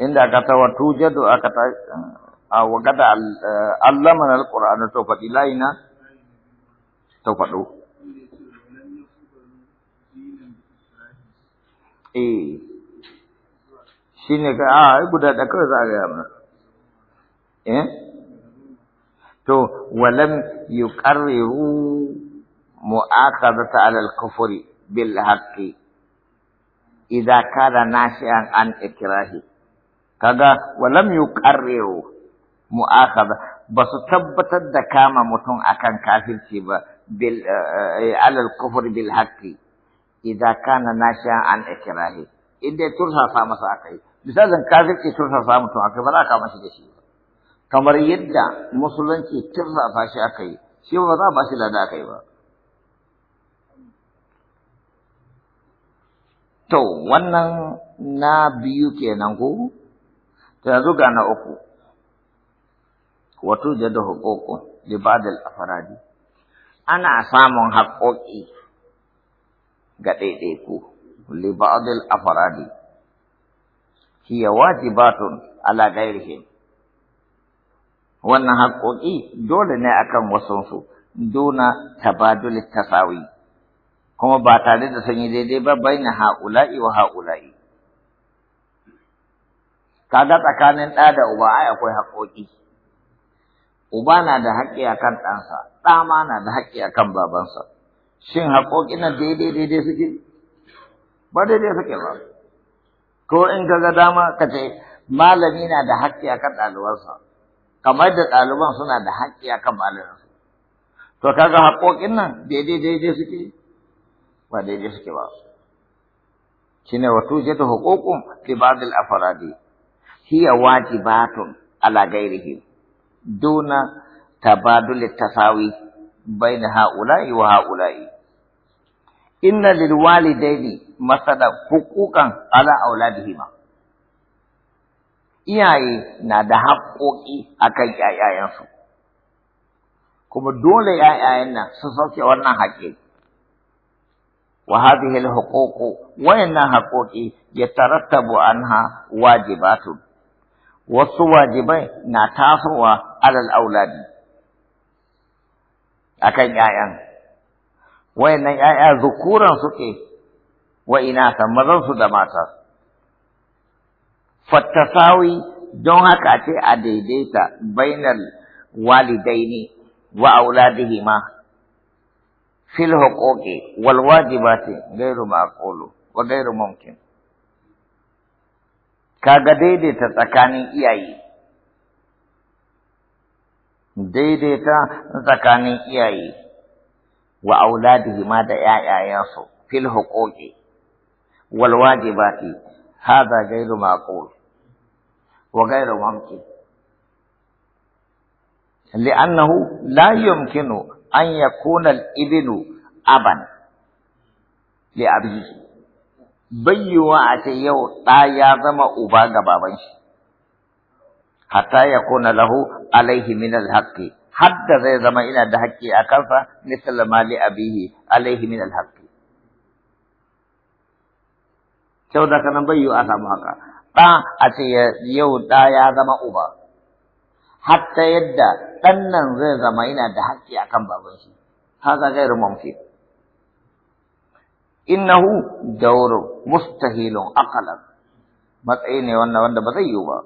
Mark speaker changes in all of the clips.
Speaker 1: inda aka tawatu jadu, aka ta a wagada allamana alqur'ana to fadi laina to fado eh shine ka a guda da kawai za a ga mana eh to walam yuqarriru mu'akhadata ala al-kufri bil haqqi idza kana nashi'an an ikrahi kaga walam yuqarriru mu'akhadha ba su tabbatar da kama mutum akan kafirci ba bil eh, eh, alal kufr bil haqqi idza kana nasha an ikrahi idda tursafa masa akai misalin kafirci tursafa mutum akai ba za ka mashi da shi kamar yadda musulunci tursafa shi akai shi ba za ba shi lada akai ba to wannan na biyu kenan ko ta zuga na uku wato da hukuku li badal afaradi ana samun haƙoƙi ga ɗaiɗaiku li badal afaradi hiya wajibatun ala ghairihim wannan haƙoƙi dole ne akan su duna tabadul tasawi kuma ba tare da sanyi daidai ba baina haula'i wa haula'i kaga tsakanin ɗa da uba ai akwai haƙoƙi uba na da haƙƙi akan ɗansa ɗa ma na da haƙƙi akan babansa shin haƙoƙi na daidai daidai suke ba daidai suke ba ko in ka ga dama ka ce malami na da haƙƙi akan ɗalibansa kamar da ɗaliban suna da haƙƙi akan malaminsu to kaga haƙoƙin nan daidai daidai suke ba daidai suke ba shine wa tujatu huququn li ba'd al-afradi hiya wajibatun ala gairihim duna tabadul tasawi bain haula'i wa haula'i inna lil walidaini masada huquqan ala auladihima iyaye na da haƙoƙi akan ƴaƴayensu kuma dole ƴaƴayen nan su sauke wannan haƙƙi wa hadhihi al huquq wa inna haquqi yatarattabu anha wajibatun wasu wajibai na tasowa alal auladi akan ƴaƴan wayannan ƴaƴa zukuran suke wa ina san mazan su da mata fattasawi don haka ce a daidaita bainal walidaini wa auladihima fil huquqi wal wajibati ghairu ma'qulu wa ghairu mumkin kaga daidaita tsakanin iyaye daidaita tsakanin iyaye wa auladihi ma da yayayansu fil huquqi wal wajibati hada gairu maqul wa ghayru mumkin لأنه لا يمكن أن يكون الابن أبا لأبيه bayyewa a ce yau ɗa ya zama uba ga baban shi hatta ya kona lahu alaihi min alhaqi hadda zai zama ina da haƙƙi a kansa misal ma a abihi alaihi min alhaqi Kyau da kanan bayyo a samu haka ɗa a ce yau ɗa ya zama uba hatta yadda ɗan nan zai zama ina da haƙƙi a kan baban shi haka gairu mumkin innahu dawru mustahilun aqalan matsayi ne wannan wanda ba zai yiwu ba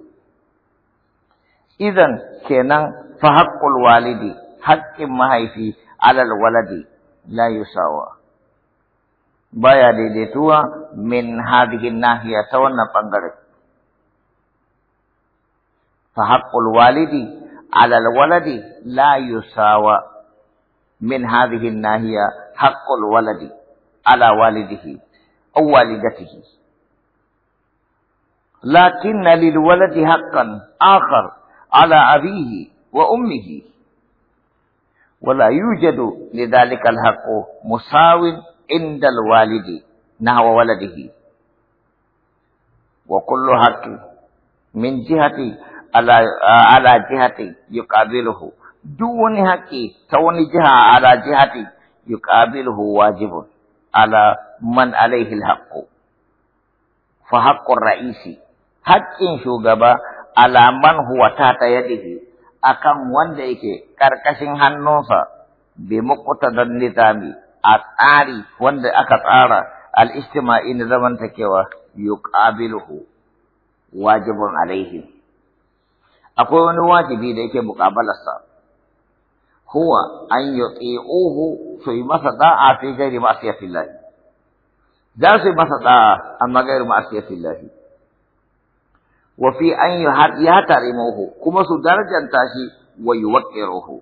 Speaker 1: idan kenan fa haqqul walidi haƙƙin mahaifi alal waladi la yusawa baya daidaituwa min hadhihi nahiya ta wannan bangare fa haqqul walidi alal waladi la yusawa min hadhihi nahiya haqqul waladi. على والده أو والدته لكن للولد حقا آخر على أبيه وأمه ولا يوجد لذلك الحق مساو عند الوالد نحو ولده وكل حق من جهة على جهة يقابله دون حق تون جهة على جهة يقابله واجب ala man alaihi alhaqqu fa haqqur ra'isi haƙƙin shugaba ala man huwa ta yadihi akan wanda yake karkashin hannunsa bi muqtadan nizami a tsari wanda aka tsara al-ijtima'i na zamantakewa yuqabiluhu wajibun alaihi akwai wani wajibi da yake muqabalarsa huwa an yuti'uhu su yi masa da'a fi gairi ma'asiyatillah za su yi masa da'a magayar gairi ma'asiyatillah wa fi an yuhatarimuhu kuma su darajanta shi wa yuwaqqiruhu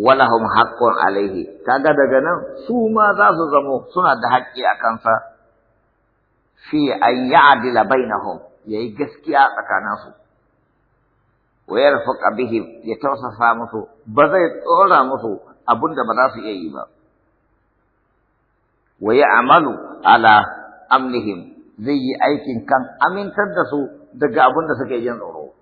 Speaker 1: wa lahum haqqun alaihi ga daga nan su ma za su zamo suna da haƙƙi a kansa fi na ya'dila ya yayi gaskiya tsakaninsu wayar fuka bihi ya tausasa musu ba zai tsora musu abun ba za su iya yi ba wa amalu ala amnihim zai yi aikin kan amintar da su daga abun da suke jin tsoro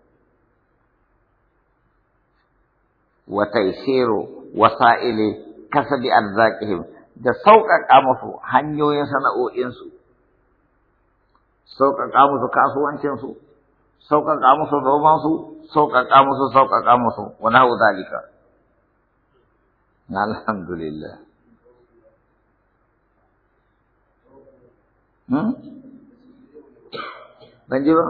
Speaker 1: wa taisiru wasa'ili kasabi arzaqihim da sauƙaƙa musu hanyoyin sana'o'insu sauƙaƙa musu kasuwancinsu sauƙaƙa musu su sauƙaƙa musu sauƙaƙa musu wani nahu zalika alhamdulillah hmm? ban ji ba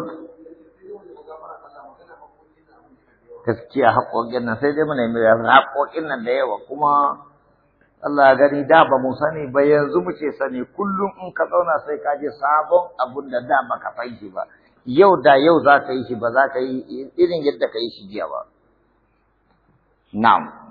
Speaker 1: gaskiya haƙoƙin nan sai dai mu nemi haƙoƙin nan da yawa kuma Allah gani da ba mu sani ba yanzu mu ce sani kullum in ka zauna sai ka ji sabon abun da da baka san shi ba yau da yau za ka yi shi ba za ka yi irin yadda ka yi shi jiya ba na'am